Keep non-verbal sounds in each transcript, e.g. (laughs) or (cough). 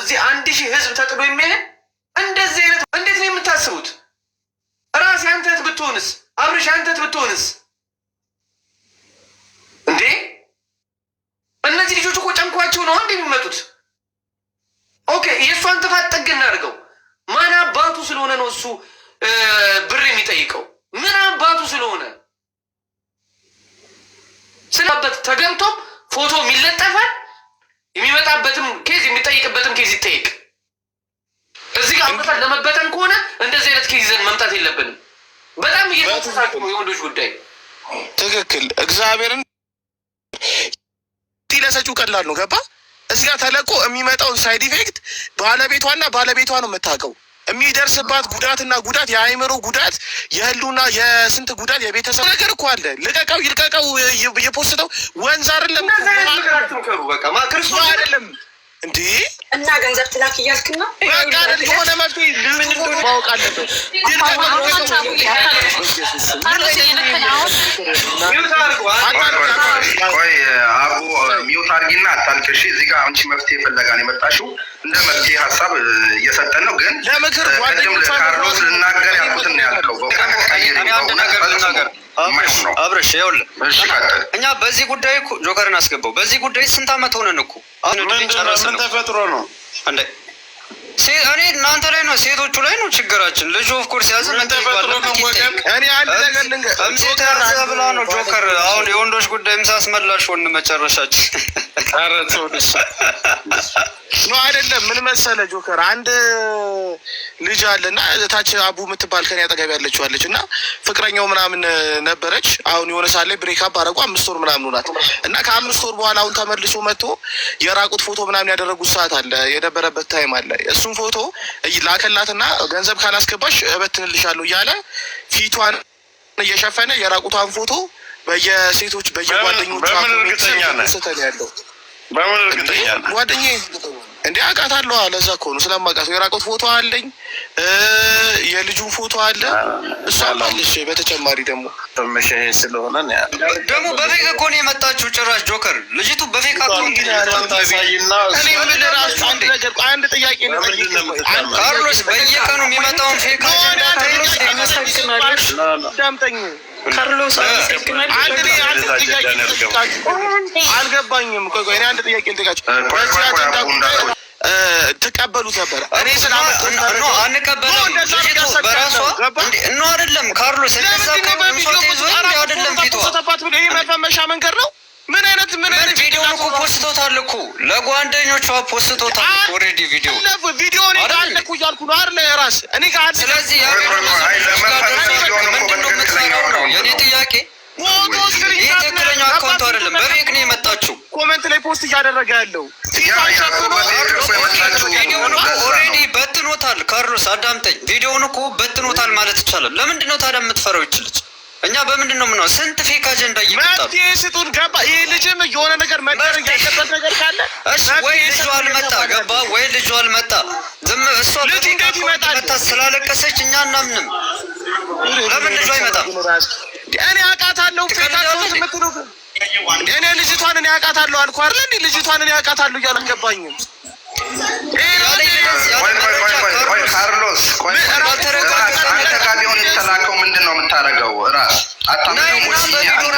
እዚህ አንድ ሺህ ህዝብ ተጥሎ የሚሄድ እንደዚህ አይነት እንዴት ነው የምታስቡት? ራሴ አንተት ብትሆንስ አብርሽ አንተት ብትሆንስ እንዴ? እነዚህ ልጆች እኮ ጨንኳቸው ነው አንድ የሚመጡት። ኦኬ የእሷን ጥፋት ጥግ እናድርገው። ማን አባቱ ስለሆነ ነው እሱ ብር የሚጠይቀው? ምን አባቱ ስለሆነ ስለበት ተገምቶም ፎቶ የሚለጠፋል የሚመጣበትም ኬዝ የሚጠይቅበትም ኬዝ ይጠይቅ። እዚህ ጋር አምጥተን ለመበተን ከሆነ እንደዚህ አይነት ኬዝ ይዘን መምጣት የለብንም። በጣም እየተሳሳቁ የወንዶች ጉዳይ ትክክል። እግዚአብሔርን ጢለሰችው ቀላል ነው። ገባ እዚህ ጋር ተለቆ የሚመጣውን ሳይድ ኢፌክት ባለቤቷና ባለቤቷ ነው የምታውቀው። የሚደርስባት ጉዳትና ጉዳት የአእምሮ ጉዳት የህሉና የስንት ጉዳት የቤተሰብ ነገር እኮ አለ። ልቀቀው ይልቀቀው የፖስተው ወንዝ አይደለም። እንዴ እና ገንዘብ ትላክ እያልክና ሆነ አቡ ሚውት አታልቅሽ። እዚህ ጋር አንቺ መፍትሄ ፍለጋ ነው የመጣሽው። እንደ መፍትሄ ሀሳብ እየሰጠን ነው፣ ግን ለምክር ቅድም ካርሎስ ልናገር ያልኩትን ያልከው። አብረሽ ይኸውልህ፣ እኛ በዚህ ጉዳይ ጆከርን አስገባው። በዚህ ጉዳይ ስንት አመት ሆነን እኮ ምን ተፈጥሮ ነው እንዴ? እኔ እናንተ ላይ ነው፣ ሴቶቹ ላይ ነው ችግራችን። ልጁ ኦፍኮርስ ያዘ ብላ ነው ጆከር። አሁን የወንዶች ጉዳይ ምሳስ መላሽ ሆን መጨረሻችን ነው አይደለም። ምን መሰለ ጆከር፣ አንድ ልጅ አለና እታች አቡ የምትባል ከኔ አጠገብ ያለችው አለች እና ፍቅረኛው ምናምን ነበረች። አሁን የሆነ ላይ ብሬክ አፕ አደረጉ። አምስት ወር ምናምን ሆናት እና ከአምስት ወር በኋላ አሁን ተመልሶ መጥቶ የራቁት ፎቶ ምናምን ያደረጉት ሰዓት አለ የነበረበት ታይም አለ እሱ የልጅቱን ፎቶ ላከላትና ገንዘብ ካላስገባሽ እበትንልሻለሁ እያለ ፊቷን እየሸፈነ የራቁቷን ፎቶ በየሴቶች በየጓደኞቿ ስተን ያለው በምን እርግጠኛ ጓደኛዬ እንደ አውቃታለሁ። ለዛ እኮ ነው ስለማውቃት የራቆት ፎቶ አለኝ፣ የልጁ ፎቶ አለ፣ እሷ አለች። በተጨማሪ ደግሞ በመሸሄድ ስለሆነ ደግሞ በፌክ እኮ ነው የመጣችሁ። ጭራሽ ጆከር ልጅቱ በፌክ እንግዲህአንድ ጥያቄ ካርሎስ በየቀኑ የሚመጣውን ፌክ ካርሎስ አንድ ልጠይቃችሁ አልገባኝም። ቆይ እኔ አንድ ጥያቄ ልጠይቃችሁ። ትቀበሉት ነበር? እኔ ስላመጣሁ ካርሎስ መፈመሻ መንገድ ነው። ምን አይነት ምን አይነት ቪዲዮ ነው? ፖስቶታል እኮ ለጓደኞቿ ፖስቶታል እኮ ኦልሬዲ ቪዲዮ ቪዲዮ ነው እያልኩ ነው አይደል? ራስ እኔ ጋር ስለዚህ ያ ምንድን ነው የምትሰራው ነው የኔ ጥያቄ ይህ ትክክለኛ አካውንት አይደለም። በፌክ ነው የመጣችው። ኮመንት ላይ ፖስት እያደረገ ያለው ቪዲዮውን በትኖታል። ካርሎስ አዳምጠኝ፣ ቪዲዮውን እኮ በትኖታል ማለት ይቻላል። ለምንድን ነው ታዲያ የምትፈራው ይች ልጅ? እኛ በምንድን ነው ምነው ስንት ፌክ አጀንዳ እየመጣ ገባ። ይህ ልጅም የሆነ ነገር መደረግ ያለበት ነገር ካለ እሺ፣ ወይ ልጁ አልመጣ ገባ፣ ወይ ልጁ አልመጣ ዝም እሷ ልጅ እንዴት ይመጣል? ስላለቀሰች እኛ እናምንም። ለምን ልጁ አይመጣም? እኔ አውቃታለሁ ፌካቸውት የምትሉ እኔ ልጅቷን እኔ አውቃታለሁ አልኩ አይደል? ልጅቷን እኔ አውቃታለሁ እያሉ አልገባኝም።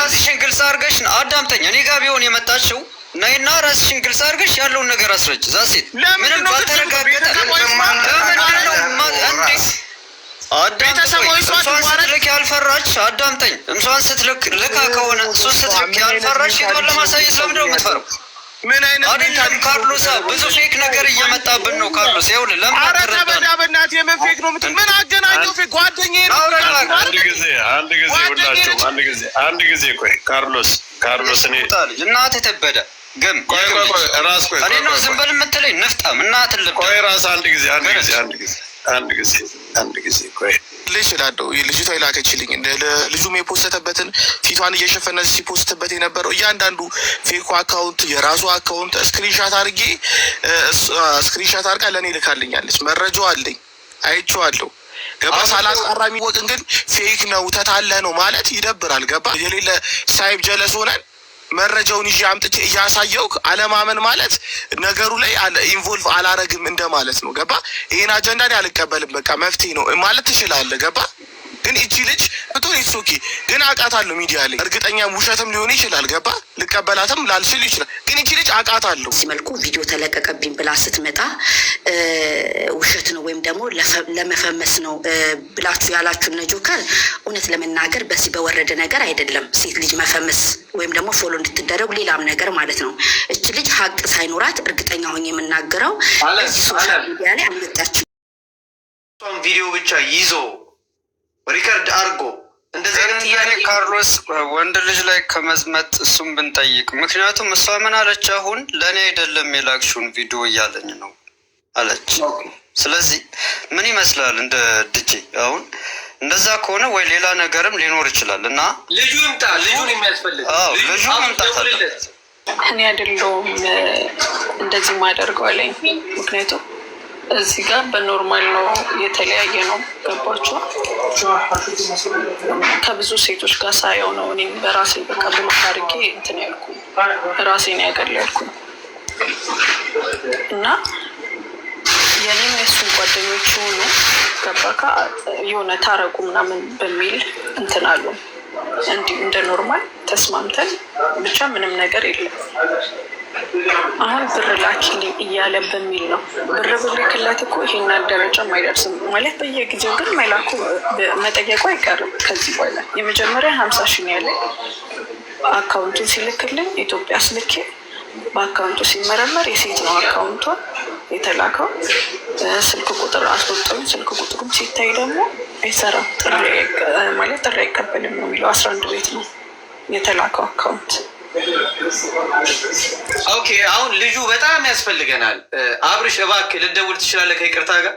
ራስሽን ግልጽ አድርገሽ አዳምጠኝ። እኔ ጋር ቢሆን የመጣችው ናይና ራስሽን ግልጽ አድርገሽ ያለውን ነገር አስረጅ። ዛሴት ምንም ባልተረጋገጠ ነው ቤተሰቦች ስትልክ ያልፈራች አዳምጠኝ። እምሷን ስትልክ ልካ ከሆነ እሱ ስትልክ ያልፈራች ሴቷን ለማሳየት ለምንድነው የምትፈራው? ምን አይነት አይደለም። ብዙ ፌክ ነገር እየመጣብን ነው። ካርሎስ ይኸውልህ፣ ለምን በናትህ የምን ፌክ ነው? ምን አገናኘው ፌክ? ጓደኛዬ ነው። አንድ ጊዜ አንድ ጊዜ ሁላችሁም አንድ ጊዜ አንድ ጊዜ ቆይ፣ ካርሎስ ካርሎስ፣ እኔ እናትህ ትበዳ ግን ቆይ ቆይ ቆይ፣ ቆይ፣ እኔ ነው ዝም በል የምትለኝ? ንፍጣም እናትህ ልበዳ ቆይ፣ እራስ አንድ ጊዜ አንድ ጊዜ አንድ ጊዜ አንድ ጊዜ አንድ ጊዜ ልጅ እላለሁ ልጅቷ የላከችልኝ ልጁም የፖስተበትን ፊቷን እየሸፈነ ሲፖስትበት የነበረው እያንዳንዱ ፌኮ አካውንት የራሱ አካውንት ስክሪንሻት አርጌ ስክሪንሻት አርጋ ለእኔ ልካልኛለች። መረጃው አለኝ፣ አይቼዋለሁ። ገባ ሳላስቀራ የሚወቅን ግን ፌክ ነው ተታለ ነው ማለት ይደብራል። ገባ የሌለ ሳይብ ጀለስ ሆነን መረጃውን ይዤ አምጥቼ እያሳየውክ አለማመን ማለት ነገሩ ላይ ኢንቮልቭ አላረግም እንደማለት ነው። ገባ? ይህን አጀንዳን አልቀበልም በቃ መፍትሄ ነው ማለት ትችላለህ። ገባ? ግን እቺ ልጅ ብትሆን ኢትስ ግን አውቃታለሁ ሚዲያ ላይ እርግጠኛ ውሸትም ሊሆን ይችላል። ገባ ልቀበላትም ላልችል ይችላል። ግን እቺ ልጅ አውቃታለሁ። እዚህ መልኩ ቪዲዮ ተለቀቀብኝ ብላ ስትመጣ ውሸት ነው ወይም ደግሞ ለመፈመስ ነው ብላችሁ ያላችሁ እነ ጆከር፣ እውነት ለመናገር በዚህ በወረደ ነገር አይደለም ሴት ልጅ መፈመስ ወይም ደግሞ ፎሎ እንድትደረጉ ሌላም ነገር ማለት ነው። እች ልጅ ሀቅ ሳይኖራት እርግጠኛ ሆኜ የምናገረው ሶሻል ሚዲያ ላይ አልመጣችም። ቪዲዮ ብቻ ይዞ ሪከርድ አድርጎ እንደዚህ ጥያቄ ካርሎስ ወንድ ልጅ ላይ ከመዝመጥ እሱም ብንጠይቅ፣ ምክንያቱም እሷ ምን አለች? አሁን ለእኔ አይደለም የላክሽውን ቪዲዮ እያለኝ ነው አለች። ስለዚህ ምን ይመስላል? እንደ ድጄ አሁን እንደዛ ከሆነ ወይ ሌላ ነገርም ሊኖር ይችላል እና ልጁ ምጣ ልጁን የሚያስፈልግ ልጁ መምጣት አለ። እኔ አይደለሁም እንደዚህ ማደርገው አለኝ ምክንያቱም እዚህ ጋር በኖርማል ነው የተለያየ ነው። ገባችሁ? ከብዙ ሴቶች ጋር ሳየው ነው እኔ በራሴ በቃ ብሎክ እንትን ያልኩ ራሴን ያገለልኩ እና የኔም የሱን ጓደኞች የሆኑ ገባካ የሆነ ታረቁ ምናምን በሚል እንትን አሉ። እንዲሁ እንደ ኖርማል ተስማምተን ብቻ ምንም ነገር የለም። አሁን ብር ላኪልኝ እያለ በሚል ነው። ብር ብልክላት እኮ ይሄን ደረጃ አይደርስም ማለት በየጊዜው ግን መላኩ መጠየቁ አይቀርም። ከዚህ በኋላ የመጀመሪያ ሀምሳ ሺህ ነው ያለኝ አካውንቱን ሲልክልኝ ኢትዮጵያ ስልኬ በአካውንቱ ሲመረመር የሴት ነው አካውንቷን የተላከው። ስልክ ቁጥር አስወጥኝ። ስልክ ቁጥሩም ሲታይ ደግሞ አይሰራም፣ ማለት ጥሪ አይቀበልም ነው የሚለው። አስራ አንድ ቤት ነው የተላከው አካውንት ኦኬ አሁን ልጁ በጣም ያስፈልገናል። አብርሽ እባክህ ልደውል ትችላለህ? ከይቅርታ ጋር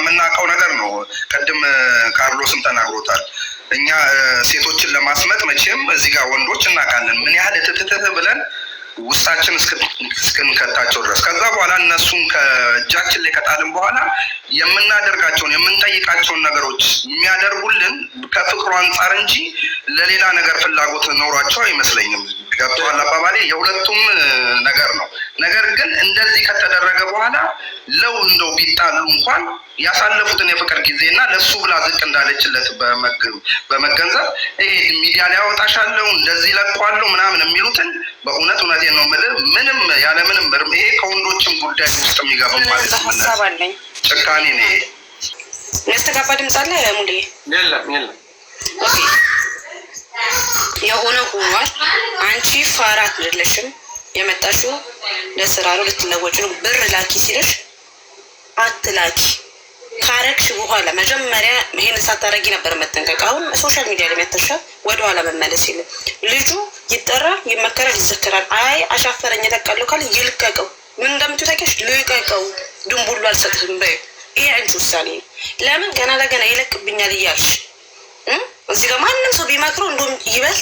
የምናውቀው ነገር ነው። ቅድም ካርሎስም ተናግሮታል። እኛ ሴቶችን ለማስመጥ መቼም እዚህ ጋር ወንዶች እናውቃለን ምን ያህል ትትትት ብለን ውስጣችን እስክንከታቸው ድረስ ከዛ በኋላ እነሱን ከእጃችን ላይ ከጣልን በኋላ የምናደርጋቸውን የምንጠይቃቸውን ነገሮች የሚያደርጉልን ከፍቅሩ አንጻር እንጂ ለሌላ ነገር ፍላጎት ኖሯቸው አይመስለኝም። ገብተዋል አባባሌ የሁለቱም ነገር ነው። ነገር ግን እንደዚህ ከተደረገ በኋላ ለው እንደው ቢጣሉ እንኳን ያሳለፉትን የፍቅር ጊዜ እና ለሱ ብላ ዝቅ እንዳለችለት በመገንዘብ ይሄ ሚዲያ ላይ ያወጣሻለሁ እንደዚህ ለቋለሁ ምናምን የሚሉትን በእውነት እውነቴ ነው የምልህ ምንም ያለምንም ምርም ይሄ ከወንዶችም ጉዳይ ውስጥ የሚገባ ማለት ነው። ጭካኔ ነው። ያስተጋባ ድምጽ አለ ሙሌ የለም የለም የሆነ ሆኗል። አንቺ ፋራ አይደለሽም። የመጣሽው ለስራ ነው፣ ልትለወጭ ነው። ብር ላኪ ሲልሽ አትላኪ ካረግሽ በኋላ መጀመሪያ ይሄን ሳታረጊ ነበር መጠንቀቅ። አሁን ሶሻል ሚዲያ ላይ ያተሻ ወደኋላ መመለስ የለም። ልጁ ይጠራል፣ ይመከራል፣ ይዘከራል። አይ አሻፈረኝ የተቃለው ካለ ይልቀቀው። ምን እንደምትይው ታውቂያለሽ። ልቀቀው፣ ድንቡሉ አልሰጥህም በይ። ይሄ አንቺ ውሳኔ ነው። ለምን ገና ለገና ይለቅብኛል እያልሽ እዚህ ጋር ማንም ሰው ቢመክረው እንደውም ይበልጥ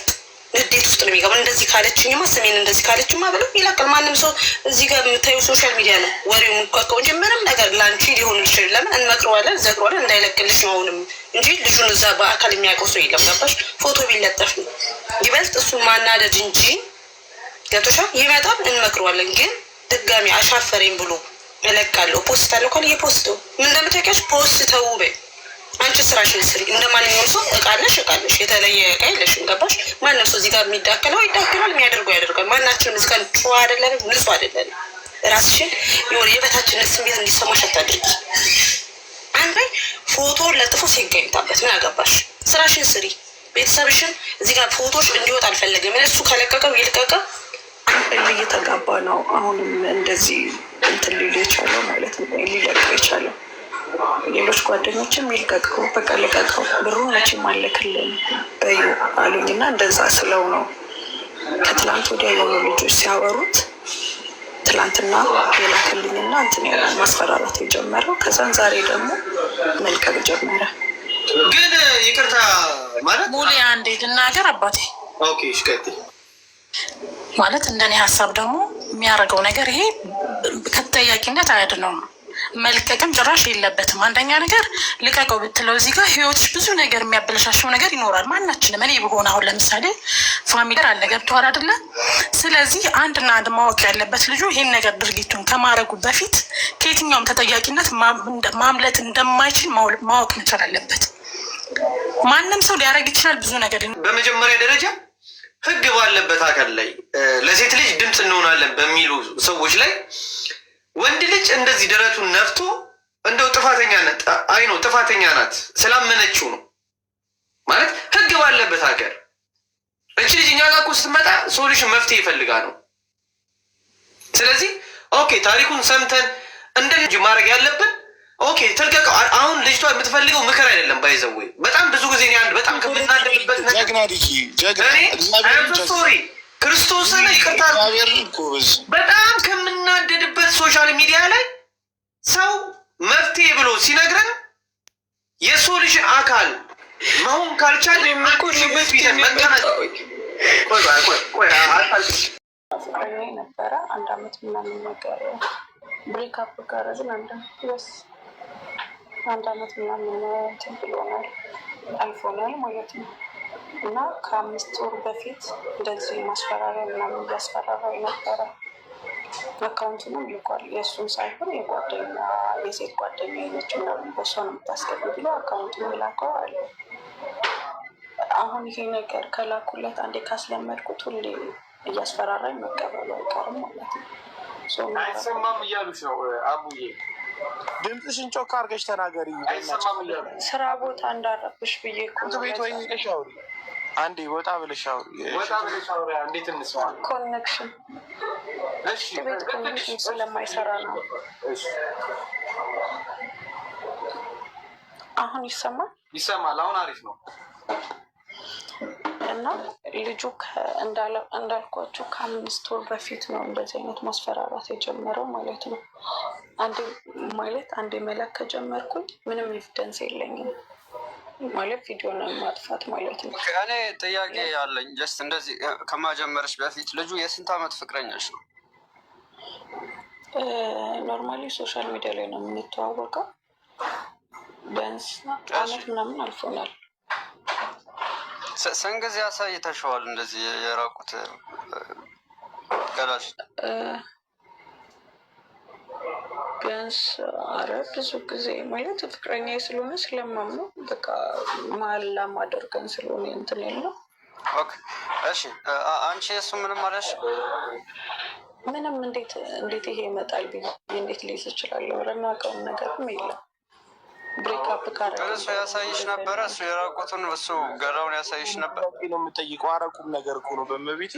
ንዴት ውስጥ ነው የሚገባው። እንደዚህ ካለችኝማ ስሜን እንደዚህ ካለችማ ብሎ ይለቃል። ማንም ሰው እዚህ ጋር የምታዩ ሶሻል ሚዲያ ነው ወሬው የሚቋቀው እንጂ ምንም ነገር ለአንቺ ሊሆን ይችል። ለምን እንመክረዋለን፣ ዘግሯለን እንዳይለቅልሽ ነው አሁንም እንጂ ልጁን እዛ በአካል የሚያውቀው ሰው የለም። ገባሽ? ፎቶ ቢለጠፍ ነው ይበልጥ እሱን ማናደድ እንጂ ገብቶሻ። ይመጣል፣ እንመክረዋለን። ግን ድጋሚ አሻፈረኝ ብሎ እለቃለሁ ፖስት አለ እኮ የፖስተው ምን እንደምታውቂያቸው ፖስት ተውበኝ ስራሽን ስሪ። እንደ ማንኛውም ሰው እቃለሽ እቃለሽ፣ የተለየ እቃ የለሽም። ገባሽ? ማንም ሰው እዚህ ጋር የሚዳከለው ይዳከላል፣ የሚያደርገው ያደርጋል። ማናችንም እዚህ ጋር ጭ አይደለንም፣ ንጹ አይደለንም። ራስሽን የሆነ የበታችነት ስሜት እንዲሰማሽ አታድርጊ። አንድ ላይ ፎቶ ለጥፎ ሲገኝታበት ምን አገባሽ? ስራሽን ስሪ። ቤተሰብሽን እዚህ ጋር ፎቶች እንዲወጥ አልፈለግም። እሱ ከለቀቀው ይልቀቀ። እየተጋባ ነው አሁንም እንደዚህ እንትን ሊል የቻለው ማለት ነው ሊለቀ የቻለው ሌሎች ጓደኞችም ይልቀቀው፣ በቃ ልቀቀው፣ ብሩ መቼም አለክልኝ በዩ አሉኝ እና እንደዛ ስለው ነው ከትላንት ወዲያ የሆኑ ልጆች ሲያወሩት ትላንትና የላክልኝና እንትን ማስፈራራት የጀመረው ከዛን ዛሬ ደግሞ መልቀቅ ጀመረ። ግን ይቅርታ ማለት ሙሉ አንዴ ልናገር አባቴ ማለት እንደኔ ሀሳብ ደግሞ የሚያደርገው ነገር ይሄ ከተጠያቂነት አያድነውም። መልቀቅም ጭራሽ የለበትም። አንደኛ ነገር ልቀቀው ብትለው እዚህ ጋር ህይወትሽ ብዙ ነገር የሚያበለሻሸው ነገር ይኖራል። ማናችንም እኔ ብሆን አሁን ለምሳሌ ፋሚሊ አለ ገብተዋል አይደለ? ስለዚህ አንድና አንድ ማወቅ ያለበት ልጁ ይህን ነገር ድርጊቱን ከማድረጉ በፊት ከየትኛውም ተጠያቂነት ማምለት እንደማይችል ማወቅ መቻል አለበት። ማንም ሰው ሊያደርግ ይችላል ብዙ ነገር። በመጀመሪያ ደረጃ ህግ ባለበት አካል ላይ ለሴት ልጅ ድምፅ እንሆናለን በሚሉ ሰዎች ላይ ወንድ ልጅ እንደዚህ ደረቱን ነፍቶ እንደው ጥፋተኛ ናት አይ ነው ጥፋተኛ ናት ስላመነችው ነው ማለት ህግ ባለበት ሀገር እቺ ልጅ እኛ ጋር እኮ ስትመጣ ሶሉሽን መፍትሄ ይፈልጋ ነው። ስለዚህ ኦኬ ታሪኩን ሰምተን እንደ ልጅ ማድረግ ያለብን ኦኬ ተልቀቀው። አሁን ልጅቷ የምትፈልገው ምክር አይደለም። ባይዘወይ በጣም ብዙ ጊዜ አንድ በጣም ከምናደርግበት ነገር ሶሪ ክርስቶስ ይቅርታ በጣም ከምናደድበት ሶሻል ሚዲያ ላይ ሰው መፍትሄ ብሎ ሲነግረን የሰው ልጅ አካል መሆን ካልቻል ነበረ አንድ አመት ምናምን ነገር ብሬክአፕ አንድ ስ አንድ አመት ምናምን አልፎናል ማለት ነው። እና ከአምስት ወር በፊት እንደዚህ ማስፈራሪያ ምናምን እያስፈራራ ነበረ። አካውንቱንም ልኳል። የእሱን ሳይሆን የጓደኛ የሴት ጓደኛ የነች ምናምን በሷ ነው ብሎ አካውንቱን ላከው አለ። አሁን ይሄ ነገር ከላኩለት አንዴ ካስለመድኩት ሁሌ እያስፈራራኝ መቀበሉ አይቀርም ማለት ነው። አይሰማም እያሉች ነው አቡዬ ድምፅሽን ጮክ አድርገሽ ተናገሪ። ስራ ቦታ እንዳረብሽ ብዬ ቁጭ ቤት ወይ ሄደሽ አውሪ። አንዴ ወጣ ብለሽ አውሪ። እንዴት እንስማ ኮኔክሽን ቤት ኮኔክሽን ስለማይሰራ ነው። አሁን ይሰማል? ይሰማል። አሁን አሪፍ ነው። እና ልጁ እንዳልኳቸው ከአምስት ወር በፊት ነው እንደዚህ አይነት ማስፈራራት የጀመረው ማለት ነው። አንዴ ማለት አንዴ መላክ ከጀመርኩኝ ምንም ኤቪደንስ የለኝም ማለት ቪዲዮን ማጥፋት ማለት ነው። እኔ ጥያቄ ያለኝ ጀስት እንደዚህ ከማጀመርሽ በፊት ልጁ የስንት ዓመት ፍቅረኛሽ ነው? ኖርማሊ ሶሻል ሚዲያ ላይ ነው የምንተዋወቀው። ቢያንስ አመት ምናምን አልፎናል። ስንት ጊዜ አሳይተሽዋል እንደዚህ የራቁት ገላሽ ቢያንስ አረ ብዙ ጊዜ ማለት ፍቅረኛ ስለሆነ ስለማሙ በቃ ማላ ማደርገን ስለሆነ እንትን የለው። እሺ አንቺ እሱ ምንም አለሽ ምንም እንዴት እንዴት ይሄ ይመጣል ብዬ እንዴት ልይዝ እችላለሁ? ረማቀውን ነገርም የለም ብሬክፕ ካረ እሱ ያሳይሽ ነበረ። እሱ የራቁትን እሱ ገላውን ያሳይሽ ነበር ነው የምጠይቀው። አረቁም ነገር እኮ ነው በመቤት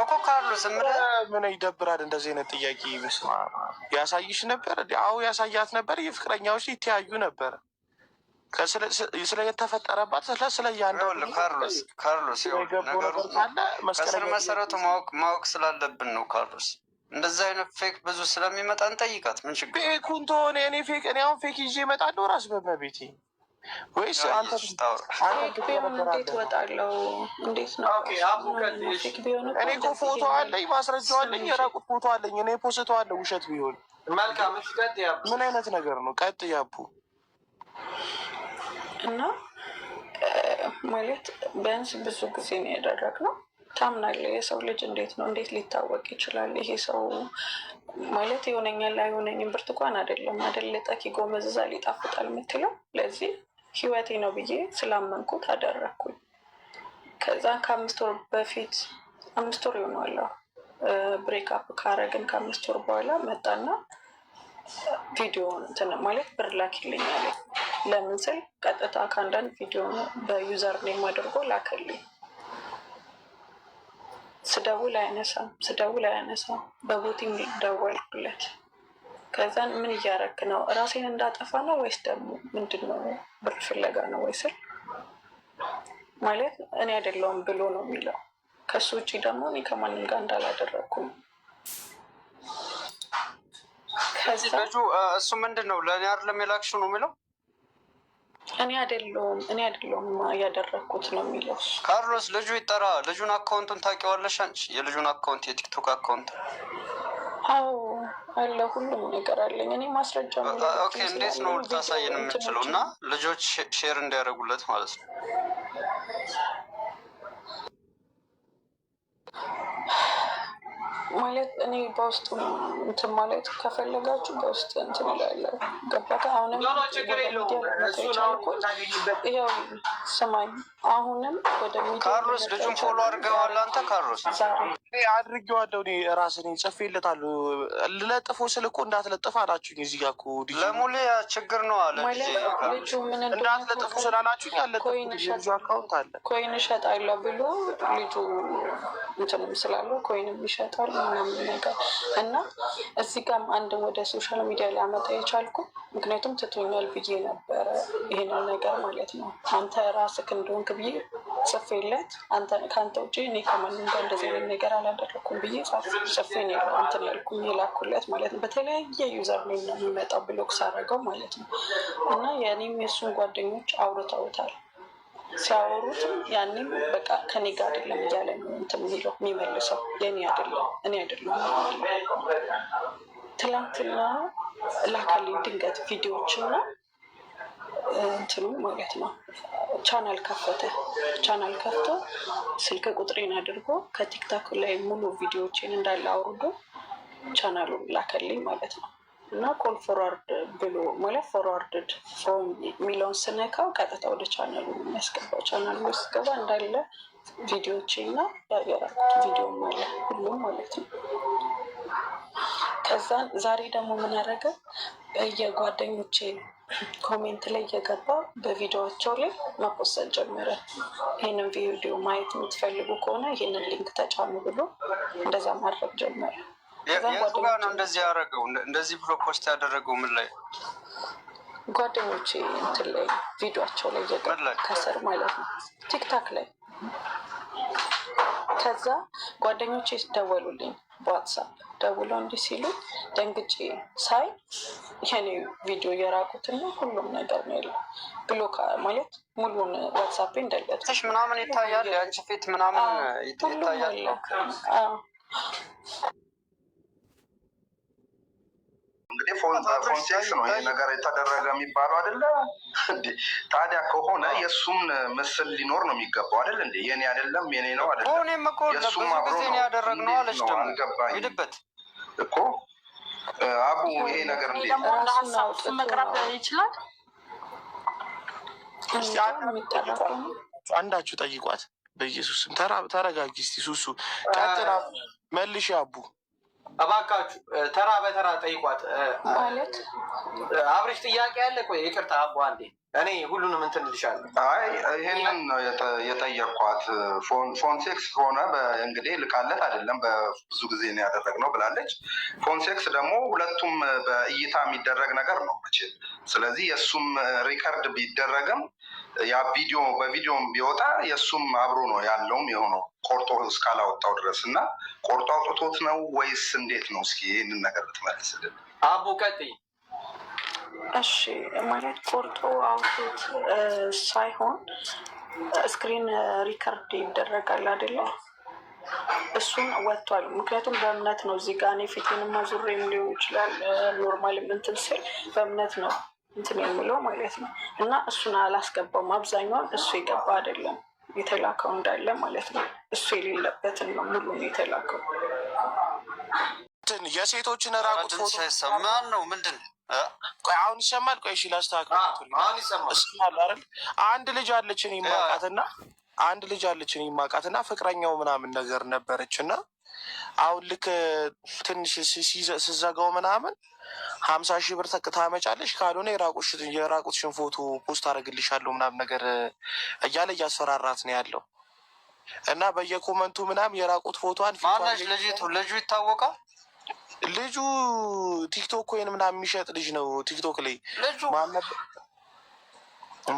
እኮ ካሉ ስምረ ምን ይደብራል እንደዚህ አይነት ጥያቄ ይመስል። ያሳይሽ ነበር? አዎ ያሳያት ነበር። የፍቅረኛዎች ይተያዩ ነበር ስለተፈጠረባት ስለ ስለ ያንዳንዱ ካርሎስ ካርሎስ ነገሩ ካለ ከስር መሰረቱ ማወቅ ስላለብን ነው ካርሎስ እንደዛ አይነት ፌክ ብዙ ስለሚመጣ እንጠይቃት። ምን ችግር ፌኩን ተሆነ እኔ ፌክ እኔ አሁን ፌክ ይዤ እመጣለሁ። ራስ በመቤቴ ወይስ እንዴት ወጣለው? እኔ እኮ ፎቶ አለኝ፣ ማስረጃ አለኝ፣ የራቁት ፎቶ አለኝ። እኔ ፖስቶ አለ ውሸት ቢሆን ምን አይነት ነገር ነው? ቀጥ ያቡ እና ማለት ቢያንስ ብዙ ጊዜ ነው ያደረግነው ታምናለህ? የሰው ልጅ እንዴት ነው እንዴት ሊታወቅ ይችላል? ይሄ ሰው ማለት የሆነኛል አይሆነኝም ብርቱካን አይደለም አይደል? ልጠኪ ጎመዝዛል ይጣፍጣል የምትለው ለዚህ ህይወቴ ነው ብዬ ስላመንኩት አደረግኩኝ። ከዛ ከአምስት ወር በፊት አምስት ወር ይሆናል ብሬክ አፕ ካረግን ከአምስት ወር በኋላ መጣና ቪዲዮ እንትን ማለት ብር ላኪልኝ ለምን ስል ቀጥታ ከአንዳንድ ቪዲዮ በዩዘር ኔም አድርጎ ላከልኝ። ስደውል አያነሳም፣ ስደውል አያነሳም። በቦቲም ደወልኩለት። ከዛን ምን እያረክ ነው? እራሴን እንዳጠፋ ነው ወይስ ደግሞ ምንድን ነው? ብር ፍለጋ ነው ወይ ስል ማለት እኔ አይደለውም ብሎ ነው የሚለው። ከሱ ውጭ ደግሞ እኔ ከማንም ጋር እንዳላደረግኩ ነው። ከዚህ ልጁ እሱ ምንድን ነው ለእኔ አይደለም የላክሽው ነው የሚለው እኔ አይደለሁም እኔ አይደለሁም እያደረግኩት ነው የሚለው ካርሎስ። ልጁ ይጠራ። ልጁን አካውንቱን ታውቂዋለሽ አንቺ? የልጁን አካውንት የቲክቶክ አካውንት አዎ አለ። ሁሉም ነገር አለኝ። እኔ ማስረጃ ኦኬ። እንዴት ነው ልታሳየን የምችለው? እና ልጆች ሼር እንዲያደርጉለት ማለት ነው። ማለት እኔ በውስጡ እንትን ማለት ከፈለጋችሁ በውስጥ እንትን እላለሁ። ገባከ? አሁንም ይኸው ስማኝ፣ አሁንም ወደ ካርሎስ ልጁን ፎሎ አድርገዋል። አንተ ካሮስ አድርጌዋለሁ እኔ ራስን ጽፌለታለሁ። ልለጥፎ ስል እኮ እንዳትለጥፍ አላችሁኝ። እዚህ ጋ እኮ ለሙሌ ችግር ነው አለ ልጁ። ምን እንዳትለጥፉ ስላላችሁኝ አለልጁ አካውንት አለ ኮይን እሸጣለሁ ብሎ ልጁ እንትንም ስላለው ኮይንም ይሸጣል ምናምን ነገር እና እዚህ ጋም አንድም ወደ ሶሻል ሚዲያ ሊያመጣ የቻልኩ ምክንያቱም ትቶኛል ብዬ ነበረ ይሄንን ነገር ማለት ነው። አንተ ራስህ እንደሆንክ ብዬ ጽፌለት ከአንተ ውጭ እኔ ከማንም ጋር እንደዚህ አይነት ነገር አላደረግኩም ብዬ ጽፌ ነው እንትን ያልኩኝ የላኩለት ማለት ነው። በተለያየ ዩዘር ነው የሚመጣው ብሎክ ሳረገው ማለት ነው እና የእኔም የእሱን ጓደኞች አውርተውታል ሲያወሩትም ያኔም በቃ ከኔ ጋር አይደለም እያለ እንትን የሚለው የሚመልሰው የኔ አይደለም እኔ አይደለም። ትላንትና ላከልኝ ድንገት ቪዲዮዎችና እንትኑ ማለት ነው። ቻናል ከፈተ። ቻናል ከፍቶ ስልክ ቁጥሬን አድርጎ ከቲክታክ ላይ ሙሉ ቪዲዮዎችን እንዳለ አውርዶ ቻናሉን ላከልኝ ማለት ነው። እና ኮል ፎርዋርድ ብሎ ማለት ፎርዋርድድ ፍሮም የሚለውን ስነካው ቀጥታ ወደ ቻናሉ የሚያስገባው ቻናሉ ስገባ እንዳለ ቪዲዮች እና ያገራኩት ቪዲዮ አለ ሁሉም ማለት ነው። ከዛ ዛሬ ደግሞ ምን አደረገ? በየጓደኞቼ ኮሜንት ላይ እየገባ በቪዲዮቸው ላይ መቆሰል ጀመረ። ይህንን ቪዲዮ ማየት የምትፈልጉ ከሆነ ይህንን ሊንክ ተጫኑ ብሎ እንደዛ ማድረግ ጀመረ። የቱ ጋር ነው እንደዚህ ያደረገው? እንደዚህ ብሎ ፖስት ያደረገው ምን ላይ? ጓደኞቼ እንትን ላይ ቪዲዮቸው ላይ ከስር ማለት ነው ቲክታክ ላይ። ከዛ ጓደኞቼ ደወሉልኝ በዋትሳፕ ደውለው እንዲህ ሲሉ ደንግጬ ሳይ የኔ ቪዲዮ የራቁትና ሁሉም ነገር ነው ያለው። ብሎክ ማለት ሙሉን ዋትሳፕ እንደለትሽ ምናምን ይታያል፣ የአንቺ ፊት ምናምን ይታያል። እንግዲህ ፎንሴክስ ነው ይሄ ነገር የተደረገ የሚባለው አይደለ ታዲያ ከሆነ የእሱም ምስል ሊኖር ነው የሚገባው አይደል እንዴ? የኔ አይደለም የኔ ነው አይደለም። እኔም እኮ ለብዙ ጊዜ ያደረግነው አለች። ደግሞ ይልበት እኮ አቡ ይሄ ነገር እንዴ ደግሞ እንደ ሀሳብ መቅረብ ይችላል። አንዳችሁ ጠይቋት በኢየሱስ ስም ተረጋጊ። እስኪ ሱሱ ቀጥላ መልሽ አቡ እባካችሁ ተራ በተራ ጠይቋት። ማለት አብሬሽ ጥያቄ ያለ ቆይ ይቅርታ አቦ አንዴ እኔ ሁሉንም እንትን ልሻለሁ። አይ ይህንን ነው የጠየቅኳት። ሴክስ ከሆነ እንግዲህ ልቃለት አይደለም በብዙ ጊዜ ነው ያደረግነው ብላለች። ፎን ሴክስ ደግሞ ሁለቱም በእይታ የሚደረግ ነገር ነው መቼ። ስለዚህ የእሱም ሪከርድ ቢደረግም ያ ቪዲዮ በቪዲዮም ቢወጣ የእሱም አብሮ ነው ያለውም የሆነው ቆርጦ እስካላወጣው ድረስ እና ቆርጦ አውጥቶት ነው ወይስ እንዴት ነው? እስኪ ይህንን ነገር ብትመልስልን አቡ። እሺ ማለት ቆርጦ አውጥቶት ሳይሆን ስክሪን ሪከርድ ይደረጋል አይደለ? እሱን ወጥቷል። ምክንያቱም በእምነት ነው እዚህ ጋ እኔ ፊቴንም አዙሬም ሊሆን ይችላል ኖርማል እንትን ስል በእምነት ነው እንትን የምለው ማለት ነው። እና እሱን አላስገባውም። አብዛኛውን እሱ የገባ አይደለም የተላከው እንዳለ ማለት ነው። እሱ የሌለበትን ነው ሙሉን የተላከው። የሴቶችን ራቁት ማን ነው ምንድን አሁን ይሰማል? ቆይ እሺ ላስተካክል። አንድ ልጅ አለችን ይማቃትና አንድ ልጅ አለችን ይማቃትና ፍቅረኛው ምናምን ነገር ነበረች እና አሁን ልክ ትንሽ ስዘጋው ምናምን ሀምሳ ሺህ ብር ታመጫለሽ፣ ካልሆነ የራቁትሽን ፎቶ ፖስት አደርግልሻለሁ ምናምን ነገር እያለ እያስፈራራት ነው ያለው እና በየኮመንቱ ምናምን የራቁት ፎቶን ልጁ ይታወቃል። ልጁ ቲክቶክ ወይን ምናምን የሚሸጥ ልጅ ነው። ቲክቶክ ላይ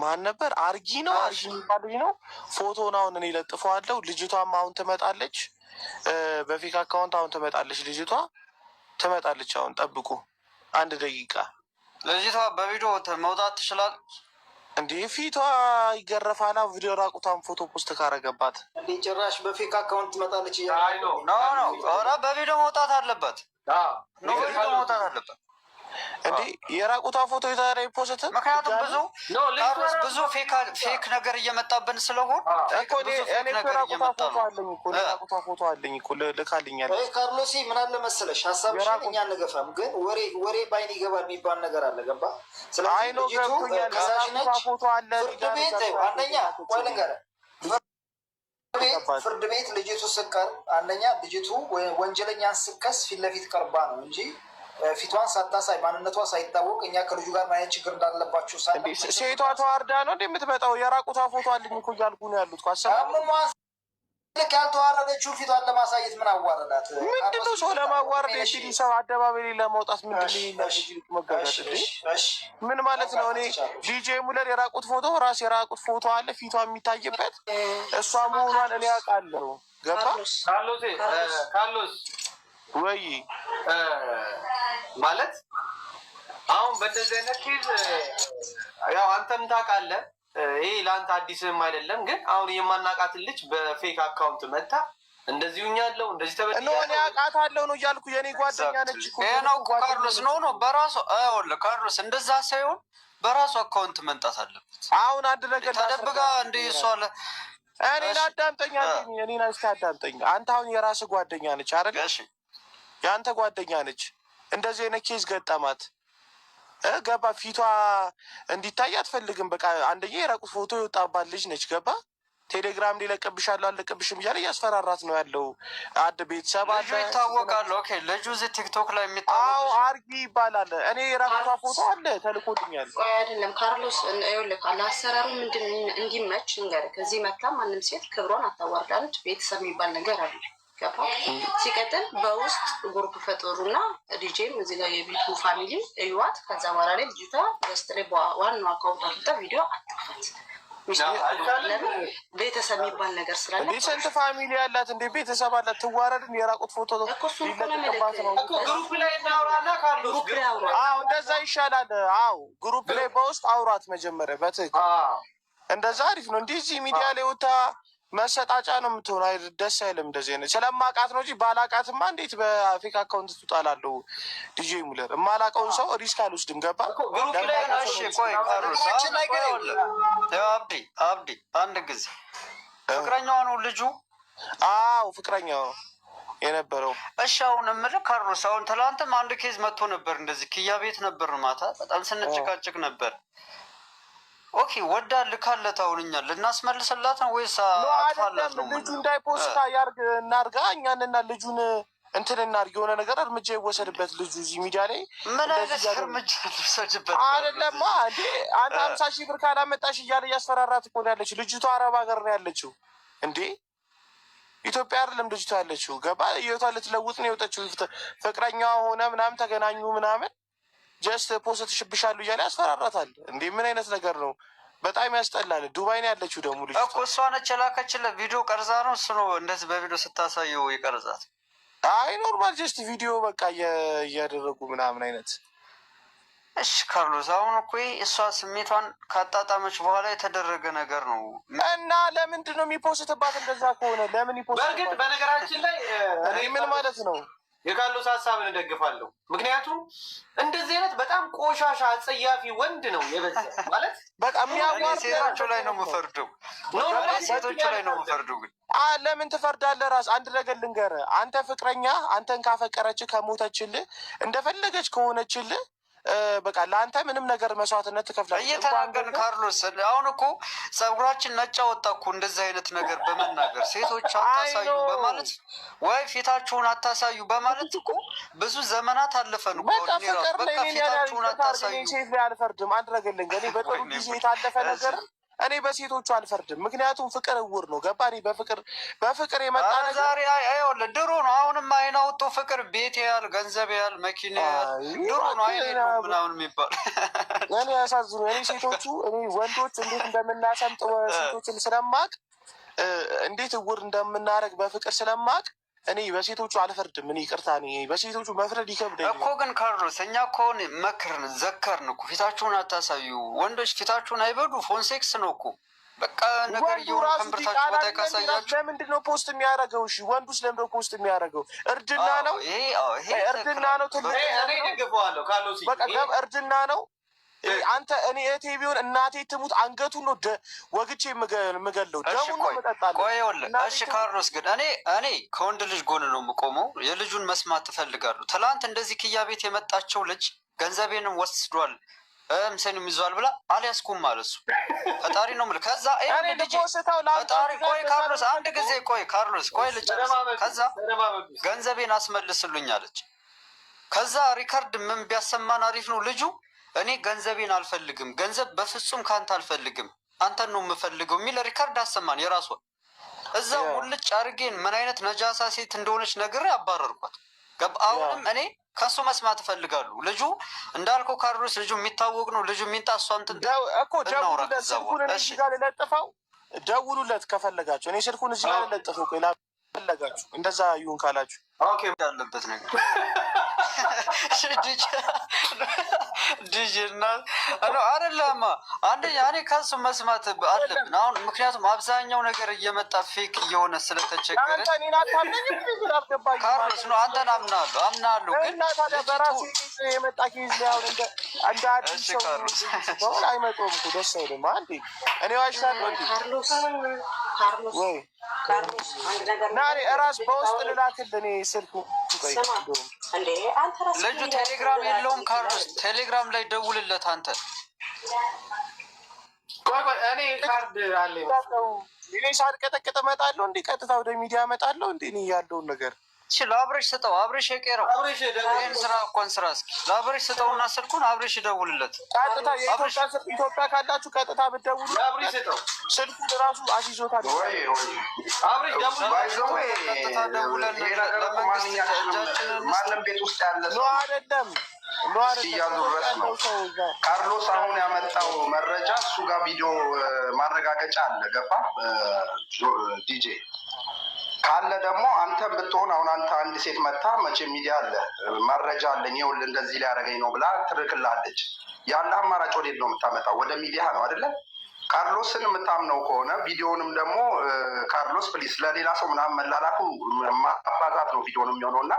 ማን ነበር አርጊ ነው አርጊ የሚባል ልጅ ነው። ፎቶን አሁን እኔ ለጥፈዋለሁ። ልጅቷም አሁን ትመጣለች፣ በፌክ አካውንት አሁን ትመጣለች። ልጅቷ ትመጣለች። አሁን ጠብቁ። አንድ ደቂቃ ለዚቷ በቪዲዮ መውጣት ትችላል እንዲህ ፊቷ ይገረፋና ቪዲዮ ራቁቷን ፎቶ ፖስት ካረገባት ጭራሽ በፌክ አካውንት ትመጣለች። ኖ ኖ፣ ኧረ በቪዲዮ መውጣት አለበት፣ በቪዲዮ መውጣት አለበት። እንዴ የራቁታ ፎቶ የዛሬ ፖስት ምክንያቱም ብዙ ብዙ ፌክ ነገር እየመጣብን ስለሆን የራቁታ ፎቶ አለኝ እኮ ልካልኛል። ካርሎሲ ምን አለ መሰለሽ ሀሳብሽን እኛ አንገፋም፣ ግን ወሬ ወሬ ባይን ይገባል የሚባል ነገር አለ። ገባ ስለአይኖ ፎቶ አለ ፍርድ ቤት አንደኛ ቆይ ንገረ ፍርድ ቤት ልጅቱ ስቀር አንደኛ ልጅቱ ወንጀለኛን ስከስ ፊት ለፊት ቀርባ ነው እንጂ ፊቷን ሳታሳይ ማንነቷ ሳይታወቅ እኛ ከልጁ ጋር ማየት ችግር እንዳለባቸው ሳ ሴቷ ተዋርዳ ነው እንደ የምትመጣው። የራቁታ ፎቶ አለኝ እኮ እያልኩ ነው ያሉት። ልክ ያልተዋረደችው ፊቷን ለማሳየት ምን አዋረዳት? ምንድን ነው ሰው ለማዋረድ የሲዲ ሰው አደባባይ ላይ ለመውጣት ምንድመጋጋት ምን ማለት ነው? እኔ ዲጄ ሙለር የራቁት ፎቶ ራስ የራቁት ፎቶ አለ ፊቷ የሚታይበት እሷ መሆኗን እኔ አውቃለሁ። ገባ ካርሎስ ወይ ማለት አሁን በእንደዚህ አይነት ኬዝ ያው አንተም ታውቃለህ፣ ይሄ ለአንተ አዲስም አይደለም። ግን አሁን የማናቃትን ልጅ በፌክ አካውንት መታ እንደዚሁ እኛ ያለው እንደዚህ ተበ እኔ አውቃታለሁ ነው እያልኩ የኔ ጓደኛ ነች ነው ካርሎስ ነው ነው በራሱ ወለ ካርሎስ እንደዛ ሳይሆን በራሱ አካውንት መምጣት አለበት። አሁን አንድ ነገር ተደብጋ እንደ ሷለ እኔን አዳምጠኛ እኔን አዳምጠኛ አንተ አሁን የራስህ ጓደኛ ነች አረገ የአንተ ጓደኛ ነች፣ እንደዚህ አይነት ኬዝ ገጠማት ገባ ፊቷ እንዲታይ አትፈልግም። በቃ አንደኛ የራቁት ፎቶ የወጣባት ልጅ ነች። ገባ ቴሌግራም ሊለቅብሻለሁ አልለቅብሽም እያለ እያስፈራራት ነው ያለው። አድ ቤተሰብ አለ ይታወቃል። ኦኬ ልጁ እዚህ ቲክቶክ ላይ የሚታወቅ አርጊ ይባላል። እኔ የራሷ ፎቶ አለ ተልኮልኛል። አይደለም ካርሎስ ለአሰራሩ ምንድን እንዲመች ንገር። ከዚህ መታ ማንም ሴት ክብሯን አታዋርዳለች። ቤተሰብ የሚባል ነገር አለ ገባው ሲቀጥል በውስጥ ጉሩፕ ፈጠሩና ዲጄም እዚህ ጋር የቤቱ ፋሚሊ እዩዋት። ከዛ በኋላ ላይ ልጅቷ ገስት ላይ ዋናው አካውንት አፍታ ቪዲዮ አትክፈት። ቤተሰብ የሚባል ነገር ስላለ ዲሰንት ፋሚሊ ያላት እንደ ቤተሰብ አላት። ትዋረድን የራቁት ፎቶ እንደዛ ይሻላል። አዎ ግሩፕ ላይ በውስጥ አውራት መጀመሪያ በትክ እንደዛ አሪፍ ነው። እንዲህ እዚህ ሚዲያ ላይ ውታ መሰጣጫ ነው የምትሆነ። ደስ አይልም። እንደዚህ ነ ስለማቃት ነው እንጂ ባላቃትማ እንዴት በፌክ አካውንት ትውጣላለሁ? ዲጄ ሙለር የማላቀውን ሰው ሪስክ አልወስድም። ገባ አብዲ አብዲ አንድ ጊዜ ፍቅረኛው ነው ልጁ። አዎ ፍቅረኛው የነበረው እሺ። አሁን የምልህ ካርሎስ፣ አሁን ትላንትም አንድ ኬዝ መጥቶ ነበር። እንደዚህ ክያ ቤት ነበር ማታ፣ በጣም ስንጭቃጭቅ ነበር ኦኬ ወዳ ልካለት አሁንኛል ልናስመልስላት ነው ወይስ አጥፋላት ልጁ እንዳይፖስታ ያርግ እናርጋ እኛንና ልጁን እንትን እናርግ የሆነ ነገር እርምጃ ይወሰድበት። ልጁ እዚህ ሚዲያ ላይ ምን አይነት እርምጃ ይወሰድበት? አይደለማ እንዴ አንድ ሀምሳ ሺህ ብር ካላመጣሽ እያለ እያስፈራራት እኮ ነው ያለችው። ልጅቷ አረብ ሀገር ነው ያለችው እንዴ ኢትዮጵያ አይደለም ልጅቷ ያለችው። ገባ ህይወቷ ልትለውጥ ነው የወጣችው። ፍቅረኛዋ ሆነ ምናምን ተገናኙ ምናምን ጀስት ፖስት ሽብሻሉ እያለ ያስፈራራታል። እንዲህ ምን አይነት ነገር ነው? በጣም ያስጠላል። ዱባይ ነው ያለችው ደግሞ ልጅ እኮ እሷ ነች የላከችለት ቪዲዮ ቀርዛ ነው እሱ ነው እንደዚህ በቪዲዮ ስታሳየው የቀርጻት። አይ ኖርማል ጀስት ቪዲዮ በቃ እያደረጉ ምናምን አይነት እሺ ካርሎስ፣ አሁን እኮ እሷ ስሜቷን ካጣጣመች በኋላ የተደረገ ነገር ነው እና ለምንድን ነው የሚፖስትባት? እንደዛ ከሆነ ለምን ይፖስት? በእርግጥ በነገራችን ላይ ምን ማለት ነው የካርሎስ ሀሳብን እደግፋለሁ። ምክንያቱም እንደዚህ አይነት በጣም ቆሻሻ አጸያፊ ወንድ ነው የበዛ ማለት ሴቶቹ ላይ ነው የምፈርደው፣ ሴቶቹ ላይ ነው የምፈርደው። ግን ለምን ትፈርዳለህ? ራስ አንድ ነገር ልንገርህ፣ አንተ ፍቅረኛ አንተን ካፈቀረች ከሞተችልህ እንደፈለገች ከሆነችልህ በቃ ለአንተ ምንም ነገር መስዋዕትነት ትከፍላለህ። እየተናገርን ካርሎስ፣ አሁን እኮ ጸጉራችን ነጭ አወጣ እኮ እንደዚህ አይነት ነገር በመናገር ሴቶች አታሳዩ በማለት ወይ ፊታችሁን አታሳዩ በማለት እኮ ብዙ ዘመናት አለፈን። በቃ ፊታችሁን አታሳዩ። ሴት ላይ አልፈርድም። አንድ ነገር ልንገርህ፣ በጥሩ ጊዜ የታለፈ ነገር እኔ በሴቶቹ አልፈርድም፣ ምክንያቱም ፍቅር እውር ነው። ገባ? እኔ በፍቅር በፍቅር የመጣ ዛሬ ይኸውልህ፣ ድሮ ነው። አሁንም አይን አውጥቶ ፍቅር ቤት ያህል ገንዘብ ያህል መኪና ያህል ድሮ ነው። አይ ምናምን የሚባል እኔ ያሳዝኑ። እኔ ሴቶቹ እኔ ወንዶች እንዴት እንደምናሰምጥ ሴቶችን ስለማቅ እንዴት እውር እንደምናደርግ በፍቅር ስለማቅ እኔ በሴቶቹ አልፈርድም። እኔ ይቅርታ፣ በሴቶቹ መፍረድ ይከብዳል እኮ። ግን ካርሎስ፣ እኛ ከሆን መክርን ዘከርን እኮ ፊታችሁን አታሳዩ። ወንዶች ፊታችሁን አይበዱ። ፎን ሴክስ ነው እኮ በቃ ነገር እየሆኑ ለምንድን ነው ፖስት የሚያደርገው? እሺ ወንዱ ስለምንድን ነው ፖስት የሚያደርገው? እርድና ነው፣ እርድና ነው። ትልቅ እርድና ነው። አንተ እኔ እህቴ ቢሆን እናቴ ትሙት አንገቱን ነው ወግቼ የምገለው፣ ደሙን ነው የምጠጣለው። እሺ ካርሎስ ግን እኔ እኔ ከወንድ ልጅ ጎን ነው የምቆመው። የልጁን መስማት ትፈልጋሉ። ትላንት እንደዚህ ክያ ቤት የመጣቸው ልጅ ገንዘቤንም ወስዷል ምሰን ይዟል ብላ አልያዝኩም ማለት እሱ ፈጣሪ ነው የምልህ። ከዛ ፈጣሪ ቆይ ካርሎስ አንድ ጊዜ ቆይ ካርሎስ ቆይ ልጅ ከዛ ገንዘቤን አስመልስልኝ አለች። ከዛ ሪከርድ ምን ቢያሰማን አሪፍ ነው ልጁ እኔ ገንዘቤን አልፈልግም፣ ገንዘብ በፍጹም ከአንተ አልፈልግም፣ አንተን ነው የምፈልገው የሚል ሪካርድ አሰማን። የራሷ እዛ ሙልጭ አድርጌን ምን አይነት ነጃሳ ሴት እንደሆነች ነግሬ አባረርኳት። አሁንም እኔ ከእሱ መስማት እፈልጋሉ። ልጁ እንዳልከው ካርዶስ ልጁ የሚታወቅ ነው። ልጁ የሚንጣ እሷን ትናውራለጠፋው ደውሉለት ከፈለጋቸው። እኔ ስልኩን እዚህ ጋር ለጠፈው ፈለጋችሁ እንደዛ ይሁን ካላችሁ ያለበት ነገር (laughs) ልጅና አይደለማ አንደኛ እኔ ከሱ መስማት አለብን አሁን ምክንያቱም አብዛኛው ነገር እየመጣ ፌክ እየሆነ ስለተቸገረ ካርሎስ ነው አንተን አምናለሁ አምናለሁ ግን የመጣ ኬዝ እንደ አዲስ ሰው በውስጥ ልላክል እኔ ስልኩ ልጁ ቴሌግራም የለውም። ካርዶስ ቴሌግራም ላይ ደውልለት አንተ። እኔ ካርድ አለኝ። እኔ ሳልቀጠቅጥ እመጣለሁ እንዴ? ቀጥታ ወደ ሚዲያ እመጣለሁ እንዴ? እኔ ያለውን ነገር ለአብሬሽ ስጠው። አብሬሽ የቀረው ይህን ስራ እኮን ስራ እስኪ ለአብሬሽ እና ስልኩን አብሬሽ ደውልለት ኢትዮጵያ ካላችሁ ቀጥታ ብትደውሉ ራሱ አስይዞታል። ቀጥታ ደውለን ለመንግስት እጃችንን ቤት ውስጥ ያለ አይደለም ካርሎስ አሁን ያመጣው መረጃ እሱ ጋር ቪዲዮ ማረጋገጫ አለ። ገባ ዲጄ ካለ ደግሞ አንተም ብትሆን አሁን አንተ አንድ ሴት መታ መቼ ሚዲያ አለ መረጃ አለኝ ይኸውልህ እንደዚህ ሊያደርገኝ ነው ብላ ትልክላለች። ያለ አማራጭ ወዴት ነው የምታመጣው? ወደ ሚዲያ ነው አይደለም ካርሎስን የምታምነው ከሆነ ቪዲዮንም ደግሞ ካርሎስ ፕሊስ ለሌላ ሰው ምናምን መላላኩ ማባዛት ነው ቪዲዮን የሚሆነው እና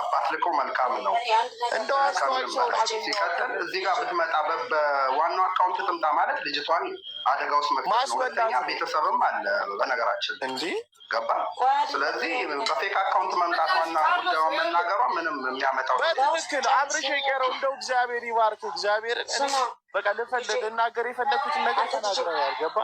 አባት ባትልቀው መልካም ነው። ሲቀጥል እዚህ ጋር ብትመጣ በዋናው አካውንት ትምጣ ማለት ልጅቷን አደጋ ውስጥ መክተት ነው። ሁለተኛ ቤተሰብም አለ በነገራችን እንዲህ ገባ። ስለዚህ በፌክ አካውንት መምጣት ዋና ጉዳዩ መናገሯ ምንም የሚያመጣው በትክክል አብርሽ የቀረው እንደው እግዚአብሔር ይባርክ እግዚአብሔርን በቃ ልፈለግ እናገር የፈለግኩትን ነገር ተናግረው ያልገባ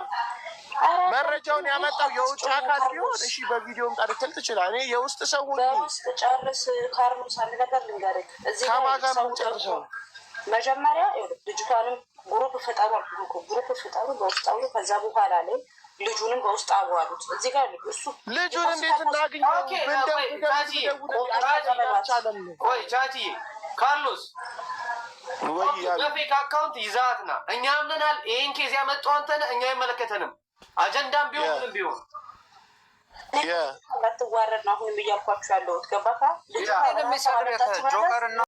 መረጃውን ያመጣው የውጭ አካል ቢሆን እሺ፣ በቪዲዮም ቀርትል ትችላል። እኔ የውስጥ ሰው በውስጥ ጨርስ። ካርሎስ አንድ ነገር ልንገር። እዚህ ከማጋ ነው ጨርሰው። መጀመሪያ ልጅቷንም ግሩፕ ፍጠሩ፣ ግሩፕ ፍጠሩ፣ በውስጥ ከዛ በኋላ ላይ ልጁንም በውስጥ አሉት እዚህ ጋር እሱ ልጁን እንዴት እናገኘው ብንደውል ቻቲ ካርሎስ በፌክ አካውንት ይዛት ና እኛ አምነናል። ይህን ኬዝ ያመጣው አንተን እኛ አይመለከተንም። አጀንዳም ቢሆን ቢሆን እንዳትዋረድ ነው አሁንም እያልኳችሁ ያለሁት ገባታ ጆከር